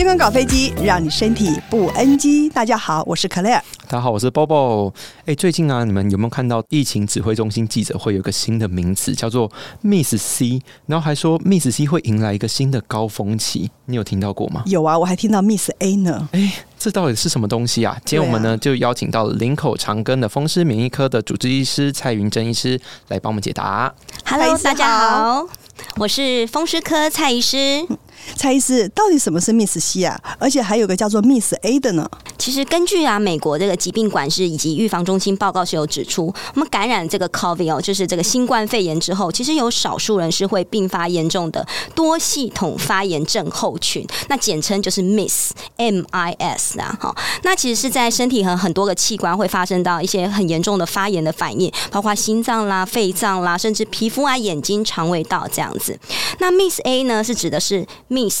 健康搞飛機，讓你身體不 NG。大家好，我是 Claire。大家好，我是 Bobo。哎、欸，最近啊，你們有沒有看到疫情指揮中心記者會有個新的名詞，叫做 MIS-C？然後還說 MIS-C 會迎來一個新的高峰期，你有聽到過嗎？有啊，我還聽到 MIS-A 呢。欸、這到底是什麼東西啊？今天我們呢，啊、就邀請到了林口長庚的風濕免疫科的主治醫師蔡昀臻醫師來幫我們解答。Hello，大家好，我是風濕科蔡醫師。蔡醫師，到底什麼是 MIS-C 啊？而且還有個叫做 MIS-A 的呢。其實根據啊，美國這個疾病管制以及預防中心報告是有指出，我們感染這個 COVID、哦、就是這個新冠肺炎之後，其實有少數人是會併發嚴重的多系統發炎症候群，那簡稱就是 MIS M I S 啊，哦、那其實是在身體和很，很多個器官會發生到一些很嚴重的發炎的反應，包括心臟啦、肺臟啦，甚至皮膚啊、眼睛、腸胃道這樣子。那 MIS A 呢是指的是 MIS。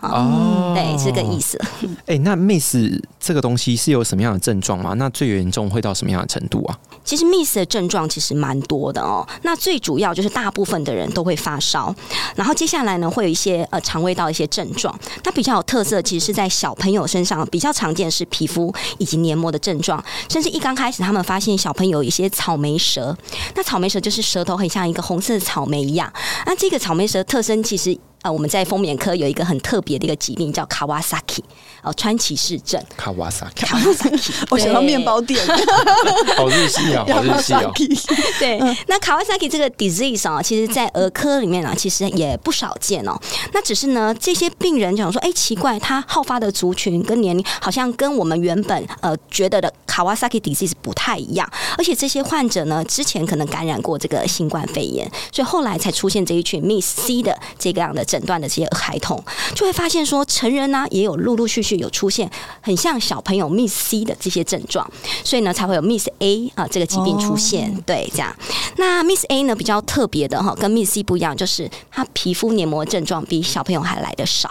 哦、oh，對，是這個意思。哎、哦欸，那 MIS 這個東西是有什麼樣的症狀嗎？那最嚴重會到什麼樣的程度啊？其實 MIS 的症狀其實蠻多的哦。那最主要就是大部分的人都會發燒，然後接下來呢，會有一些呃腸胃道一些症狀。它比較有特色其實是在小朋友身上比較常見的是皮膚以及黏膜的症狀，甚至一剛開始他們發現小朋友有一些草莓舌。那草莓舌就是舌頭很像一個紅色的草莓一樣。那這個草莓舌的特徵其實。呃、我們在風濕科有一個很特別的一個疾病，叫 Kawasaki，哦，川崎氏症，Kawasaki，Kawasaki。我想到麵包店。 好日系啊、哦，好日系啊、哦。對，那 Kawasaki 這個 disease 啊、哦，其實，在兒科裡面啊，其實也不少見哦。那只是呢，這些病人講說，哎，奇怪，他好發的族群跟年齡，好像跟我們原本呃覺得的 Kawasaki disease 不太一樣。而且這些患者呢，之前可能感染過這個新冠肺炎，所以後來才出現這一群 MIS-C 的這個樣的症。診斷的這些孩童，就會發現說，成人呢、啊、也有陸陸續續有出現很像小朋友 MIS-C 的這些症狀，所以呢才會有 MIS-A 啊這個疾病出現、哦。對，這樣。那 MIS-A 呢比較特別的哈、啊，跟 MIS-C 不一樣，就是他皮膚黏膜症狀比小朋友還來得少、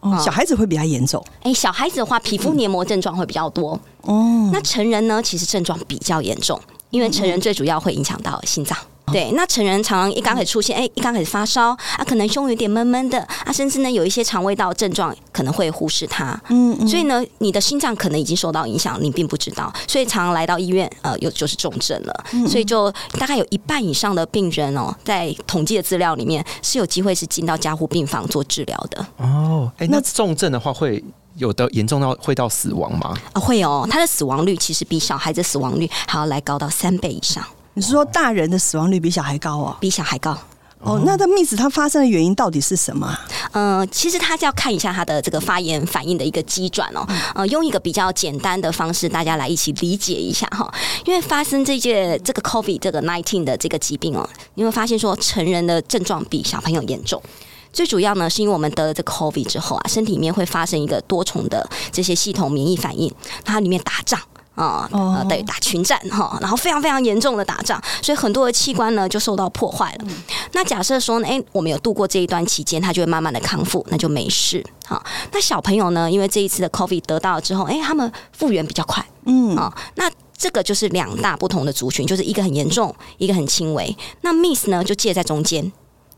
哦嗯，小孩子會比較嚴重。哎，小孩子的話皮膚黏膜症狀會比較多哦、嗯。那成人呢其實症狀比較嚴重，因為成人最主要會影響到心臟。對，那成人常常一剛開始出現，哎、欸，一剛開始發燒，啊，可能胸有點悶悶的，啊，甚至呢有一些腸胃道症狀，可能會忽視它，嗯，嗯，所以呢，你的心臟可能已經受到影響，你並不知道，所以常常來到醫院，呃，又就是重症了，所以就大概有一半以上的病人哦，在統計的資料裡面是有機會是進到加護病房做治療的。哦，哎、欸，那重症的話會有的嚴重到會到死亡嗎？啊、哦，會哦，他的死亡率其實比小孩子死亡率還要來高到三倍以上。你是說大人的死亡率比小孩高啊、哦？比小孩高哦。那這 MIS 它發生的原因到底是什麼？嗯，其實他是要看一下他的這個發炎反應的一個機轉哦。呃，用一個比較簡單的方式，大家來一起理解一下哈、哦。因為發生這些這個 COVID 這個 nineteen 的這個疾病哦，你會發現說成人的症狀比小朋友嚴重。最主要呢，是因為我們得了這個 COVID 之後啊，身體裡面會發生一個多重的這些系統免疫反應，它裡面打仗。啊、哦，對打群戰哈、哦，然後非常非常嚴重的打仗，所以很多的器官呢就受到破壞了。嗯、那假設說呢，哎，我們有度過這一段期間，它就會慢慢的康復，那就沒事哈、哦。那小朋友呢，因為這一次的 COVID 得到了之後，哎，他們復原比較快，嗯啊、哦，那這個就是兩大不同的族群，就是一個很嚴重，一個很輕微。那 MIS 呢就介在中間，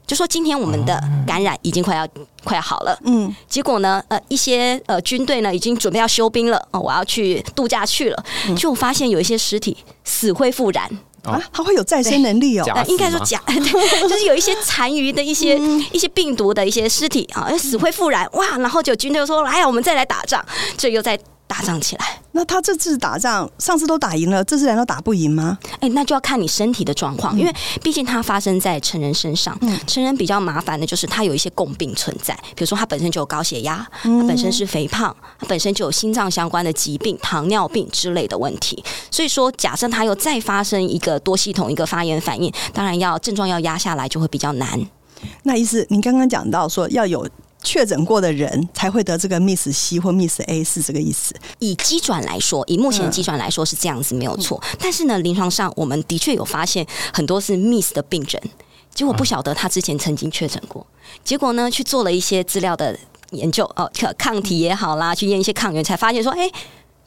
就說今天我們的感染已經快要快要好了，嗯，結果呢，呃，一些呃軍隊呢已經準備要休兵了，哦、呃，我要去度假去了、嗯，就發現有一些屍體死灰復燃、嗯、啊，它會有再生能力哦，呃、應該說假對，就是有一些殘餘的一些、嗯、一些病毒的一些屍體啊、呃，死灰復燃，哇，然後就軍隊就說，來、哎、呀，我們再來打仗，這又在。打仗起來，那他這次打仗，上次都打贏了，這次難道打不贏嗎？哎、欸，那就要看你身體的狀況，嗯、因為畢竟它發生在成人身上、嗯，成人比較麻煩的就是他有一些共病存在，比如說他本身就有高血壓、嗯，他本身是肥胖，他本身就有心臟相關的疾病、糖尿病之類的問題。所以說，假設他又再發生一個多系統一個發炎反應，當然要症狀要壓下來就會比較難。那意思，您剛剛講到說要有。確診過的人才會得這個 MIS-C 或 MIS-A 是這個意思。以機轉來說，以目前的機轉來說是這樣子沒有錯、嗯。但是呢，臨床上我們的確有發現很多是 MIS 的病人，結果不曉得他之前曾經確診過，嗯、結果呢去做了一些資料的研究哦，抗體也好啦，去驗一些抗原，才發現說哎。誒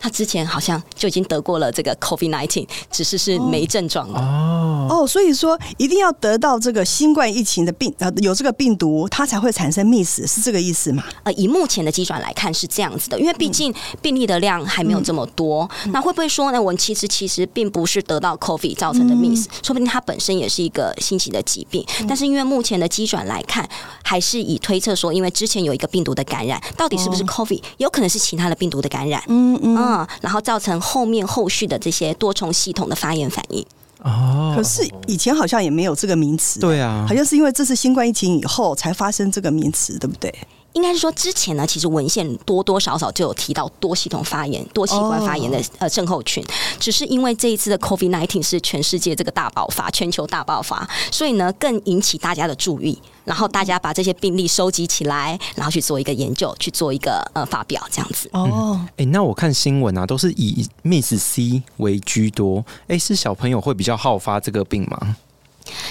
他之前好像就已經得過了這個 COVID nineteen，只是是沒症狀了哦哦，所以說一定要得到這個新冠疫情的病，有這個病毒，它才會產生 miss，是這個意思嗎？呃，以目前的機轉來看是這樣子的，因為畢竟病例的量還沒有這麼多，嗯、那會不會說呢？我們其實其實並不是得到 COVID 造成的 miss，、嗯、說不定它本身也是一個新型的疾病，嗯、但是因為目前的機轉來看，還是以推測說，因為之前有一個病毒的感染，到底是不是 COVID，有可能是其他的病毒的感染，嗯嗯。嗯啊，然後造成後面後續的這些多重系統的發炎反應。哦。可是以前好像也沒有這個名詞，對啊，好像是因為這次新冠疫情以後才發生這個名詞，對不對？應該是說，之前呢，其實文獻多多少少就有提到多系統發炎、多器官發炎的呃症候群，oh. 只是因為這一次的 COVID-19 是全世界這個大爆發、全球大爆發，所以呢更引起大家的注意，然後大家把這些病例收集起來，然後去做一個研究，去做一個呃發表這樣子。哦、oh. 嗯，哎、欸，那我看新聞啊，都是以 MIS-C 為居多，哎、欸，是小朋友會比較好發這個病嗎？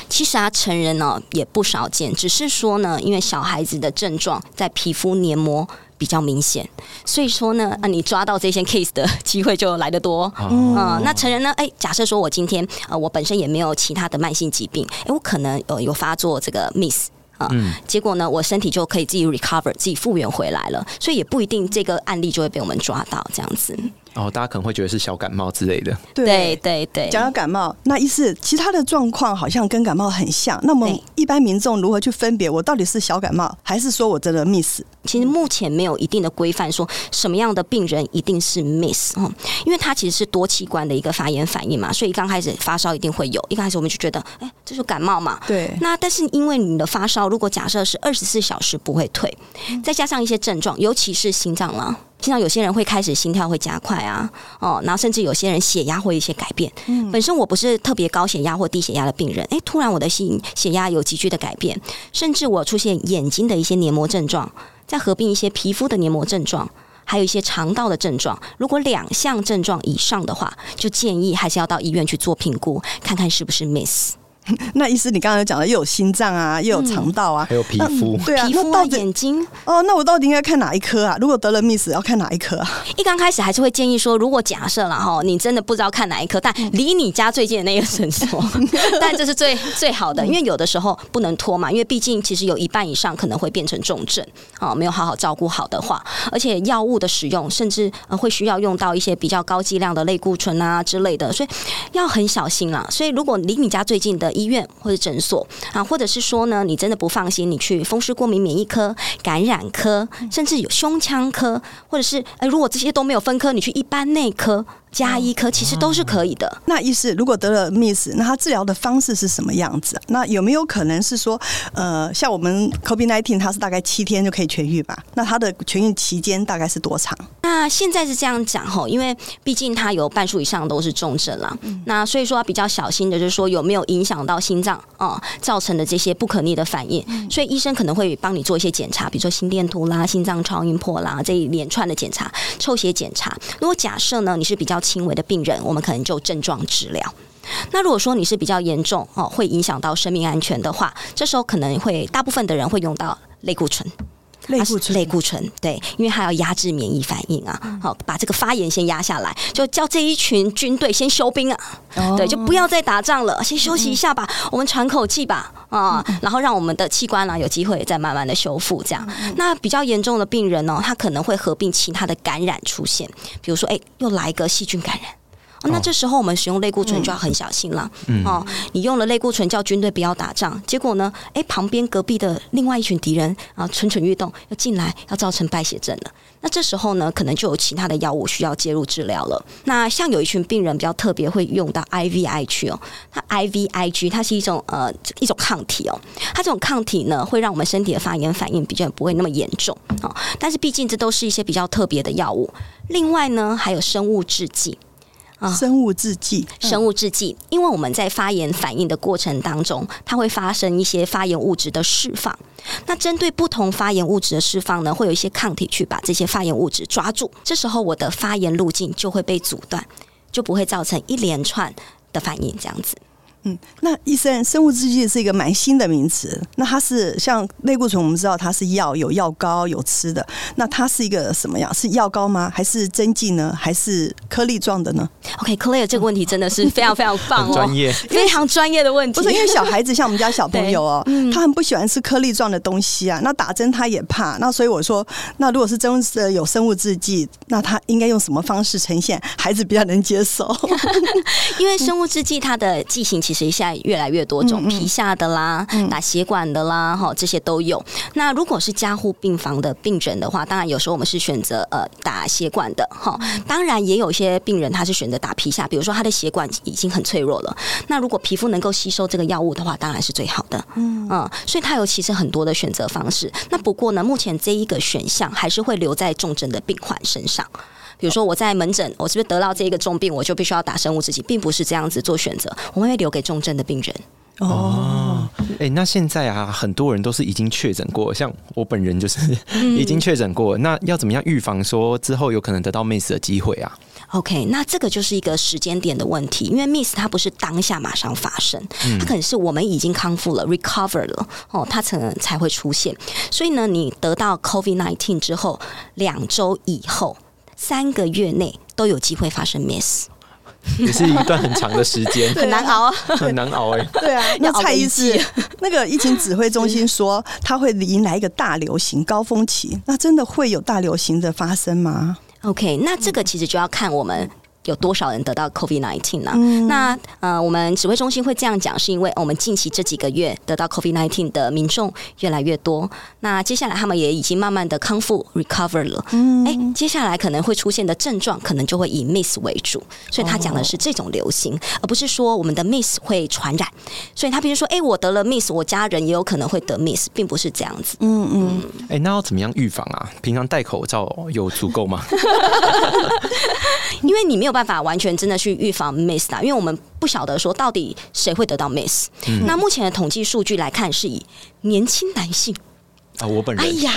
其實啊，成人呢、哦、也不少見，只是說呢，因為小孩子的症狀在皮膚黏膜比較明顯，所以說呢，啊，你抓到這些 case 的機會就來得多。嗯，呃、那成人呢？誒，假設說我今天啊、呃，我本身也沒有其他的慢性疾病，誒，我可能呃有,有發作這個 MIS 啊、呃嗯，結果呢，我身體就可以自己 recover，自己復原回來了，所以也不一定這個案例就會被我們抓到這樣子。哦，大家可能會覺得是小感冒之類的。對對，對對，講到感冒，那意思其他的狀況好像跟感冒很像。那麼一般民眾如何去分別？我到底是小感冒，還是說我真的 MIS？其實目前沒有一定的規範，說什麼樣的病人一定是 MIS 哦、嗯，因為它其實是多器官的一個發炎反應嘛。所以剛開始發燒一定會有，一剛開始我們就覺得，哎、欸，這是感冒嘛？對。那但是因為你的發燒，如果假設是二十四小時不會退，再加上一些症狀，尤其是心臟了。經常有些人會開始心跳會加快啊，哦，然後甚至有些人血壓會有一些改變。嗯。本身我不是特別高血壓或低血壓的病人，誒，突然我的血壓有急劇的改變，甚至我出現眼睛的一些黏膜症狀，再合併一些皮膚的黏膜症狀，還有一些腸道的症狀。如果兩項症狀以上的話，就建議還是要到醫院去做評估，看看是不是 MIS。 那意思你剛才講的又有心臟啊，又有腸道啊，嗯、還有皮膚，啊對啊，到眼睛、啊、哦，那我到底應該看哪一科啊？如果得了 MIS，要看哪一科啊？一剛開始還是會建議說，如果假設了哈、哦，你真的不知道看哪一科但離你家最近的那個診所， 但這是最最好的，因為有的時候不能拖嘛，因為畢竟其實有一半以上可能會變成重症哦，沒有好好照顧好的話，而且藥物的使用甚至、呃、會需要用到一些比較高劑量的類固醇啊之類的，所以要很小心啦、啊。所以如果離你家最近的。醫院或者診所啊，或者是說呢，你真的不放心，你去風濕過敏免疫科、感染科，甚至有胸腔科，或者是哎、呃，如果這些都沒有分科，你去一般內科。加一顆其實都是可以的。嗯嗯、那醫師如果得了 MIS，那他治療的方式是什麼樣子？那有沒有可能是說，呃，像我們 COVID nineteen，它是大概七天就可以痊癒吧？那它的痊癒期間大概是多長？那現在是這樣講哈，因為畢竟它有半數以上都是重症了、嗯，那所以說比較小心的，就是說有沒有影響到心臟哦、呃、造成的這些不可逆的反應？嗯、所以醫生可能會幫你做一些檢查，比如說心電圖啦、心臟超音波啦這一連串的檢查、抽血檢查。如果假設呢，你是比較輕微的病人，我們可能就症狀治療。那如果說你是比較嚴重哦，會影響到生命安全的話，這時候可能會大部分的人會用到類固醇。類固醇，啊、類固醇，對，因為它要壓制免疫反應啊，好、嗯哦，把這個發炎先壓下來，就叫這一群軍隊先休兵啊、哦，對，就不要再打仗了，先休息一下吧，嗯、我們喘口氣吧，啊、嗯，然後讓我們的器官呢、啊、有機會再慢慢的修復，這樣、嗯。那比較嚴重的病人呢、哦，他可能會合併其他的感染出現，比如說，哎、欸，又來一個細菌感染。哦、那這時候我們使用類固醇就要很小心了，嗯，哦，你用了類固醇叫軍隊不要打仗，結果呢，哎、欸，旁邊隔壁的另外一群敵人啊，蠢蠢欲動，要進來，要造成敗血症了。那這時候呢，可能就有其他的藥物需要介入治療了。那像有一群病人比較特別會用到 IVI 去哦，它 IVIG 它是一種呃一種抗體哦，它這種抗體呢會讓我們身體的發炎反應比較不會那麼嚴重、哦、但是畢竟這都是一些比較特別的藥物。另外呢，還有生物制劑。啊、哦，生物制劑、嗯，生物制劑，因為我們在發炎反應的過程當中，它會發生一些發炎物質的釋放。那針對不同發炎物質的釋放呢，會有一些抗體去把這些發炎物質抓住。這時候，我的發炎路徑就會被阻斷，就不會造成一連串的反應這樣子。嗯，那醫生，生物制劑是一個蠻新的名詞。那它是像類固醇，我們知道它是藥，有藥膏，有吃的。那它是一個什麼樣？是藥膏嗎？還是針劑呢？還是？顆粒狀的呢？OK，Claire，okay, 這個問題真的是非常非常棒，哦，專 業，非常專業的問題。不是因為小孩子像我們家小朋友哦，嗯、他很不喜歡吃顆粒狀的東西啊。那打針他也怕，那所以我說，那如果是真的有生物製劑，那他應該用什麼方式呈現，孩子比較能接受？ 因為生物製劑它的劑型其實現在越來越多種，嗯嗯嗯嗯，皮下的啦，打血管的啦，哈，這些都有。那如果是加護病房的病診的話，當然有時候我們是選擇呃打血管的哈，當然也有些。些病人他是選擇打皮下，比如說他的血管已經很脆弱了，那如果皮膚能夠吸收這個藥物的話，當然是最好的。嗯，嗯，所以他有其實很多的選擇方式。那不過呢，目前這一個選項還是會留在重症的病患身上。比如說我在門診，我是不是得到這一個重病，我就必須要打生物製劑，並不是這樣子做選擇，我們會留給重症的病人。Oh, 哦，哎、欸，那現在啊，很多人都是已經確診過，像我本人就是已經確診過，嗯。那要怎麼樣預防說之後有可能得到 MIS 的機會啊？OK，那這個就是一個時間點的問題，因為 MIS 它不是當下馬上發生，它可能是我們已經康復了 recover 了，哦，它可能才會出現。所以呢，你得到 COVID nineteen 之後兩週以後，三個月內都有機會發生 MIS。也是一段很長的時間， 很難熬，很難熬哎、欸。 對啊，那蔡醫師，那個疫情指揮中心說他會迎來一個大流行高峰期，那真的會有大流行的發生嗎？OK，那這個其實就要看我們。有多少人得到 COVID-19 呢、啊嗯？那呃，我們指揮中心會這樣講，是因為我們近期這幾個月得到 COVID-19 的民眾越來越多。那接下來他們也已經慢慢的康復 recover 了。嗯，誒、欸，接下來可能會出現的症狀，可能就會以 MIS 為主。所以他講的是這種流行、哦，而不是說我們的 MIS 會傳染。所以他比如說，誒、欸，我得了 MIS，我家人也有可能會得 MIS，並不是這樣子。嗯嗯。誒、欸，那要怎麼樣預防啊？平常戴口罩有足夠嗎？ 因為你沒有辦法完全真的去預防 MIS 的啊，因為我們不曉得說到底誰會得到 MIS。嗯。那目前的統計數據來看，是以年輕男性。啊、哦，我本人。哎呀，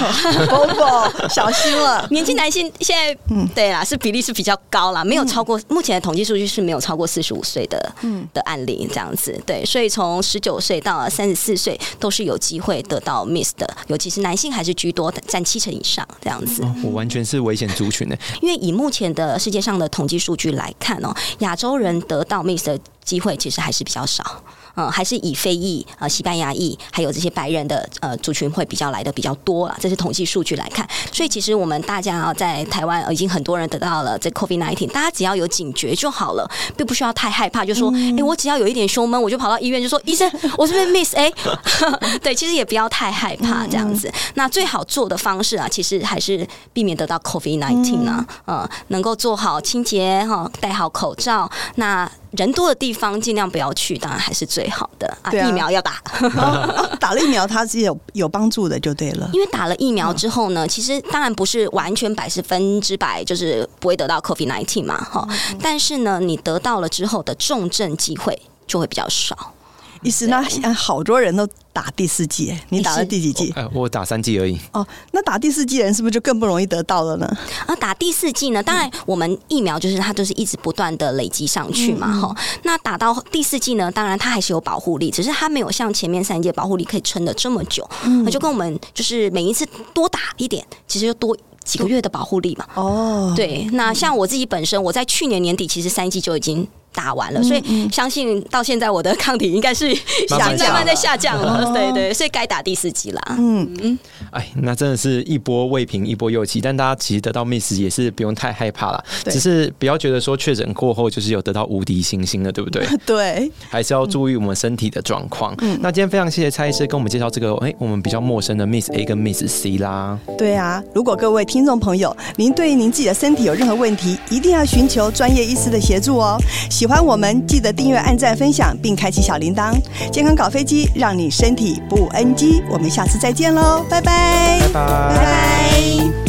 波波，小心了！年輕男性現在，嗯，對啦，是比例是比較高啦，沒有超過、嗯、目前的統計數據是沒有超過四十五歲的，嗯，的案例這樣子。對，所以從十九歲到三十四歲都是有機會得到 MIS 的，尤其是男性還是居多，佔七成以上這樣子。嗯哦、我完全是危險族群的、欸， 因為以目前的世界上的統計數據來看哦、喔，亞洲人得到 MIS 的機會其實還是比較少。嗯、呃，還是以非裔、呃西班牙裔還有這些白人的呃族群會比較來的比較多啦，這是統計數據來看。所以其實我們大家啊，在台灣、呃、已經很多人得到了這 COVID nineteen，大家只要有警覺就好了，並不需要太害怕。就說，誒、嗯欸、我只要有一點胸悶，我就跑到醫院就說，嗯、醫生，我是不是 MIS？誒、欸、 對，其實也不要太害怕這樣子。那最好做的方式啊，其實還是避免得到 COVID nineteen 啊，嗯、呃，能夠做好清潔哈、呃，戴好口罩那。人多的地方儘量不要去，當然還是最好的啊,對啊！疫苗要打、 哦哦，打了疫苗它是有有幫助的，就對了。因為打了疫苗之後呢，嗯、其實當然不是完全百分之百就是不會得到 COVID nineteen 嘛，哈、嗯，但是呢，你得到了之後的重症機會就會比較少。意思呢？好多人都打第四劑、欸，你打了第幾劑？哎、呃，我打三劑而已。哦，那打第四劑人是不是就更不容易得到了呢？嗯、啊，打第四劑呢，當然我們疫苗就是它就是一直不斷的累積上去嘛，哈、嗯哦。那打到第四劑呢，當然它還是有保護力，只是它沒有像前面三劑保護力可以撐得這麼久。那、嗯、就跟我們就是每一次多打一點，其實就多幾個月的保護力嘛。哦，對。那像我自己本身，我在去年年底其實三劑就已經。打完了，所以相信到現在我的抗體應該是已、嗯、經、嗯、 慢慢在下降了。降了對，對對，所以該打第四劑了。嗯嗯，哎，那真的是一波未平一波又起，但大家其實得到 miss 也是不用太害怕了，只是不要覺得說確診過後就是有得到無敵星星了，對不對？對，還是要注意我們身體的狀況、嗯。那今天非常謝謝蔡醫師跟我們介紹這個，哎、欸，我們比較陌生的 miss A 跟 miss C 啦。對啊，如果各位聽眾朋友，您對於您自己的身體有任何問題，一定要尋求專業醫師的協助哦、喔。喜歡我們，記得訂閱、按讚、分享，並開啟小鈴鐺。健康搞飛機，讓你身體不 NG。我們下次再見嘍，拜拜！拜拜！拜拜。拜拜。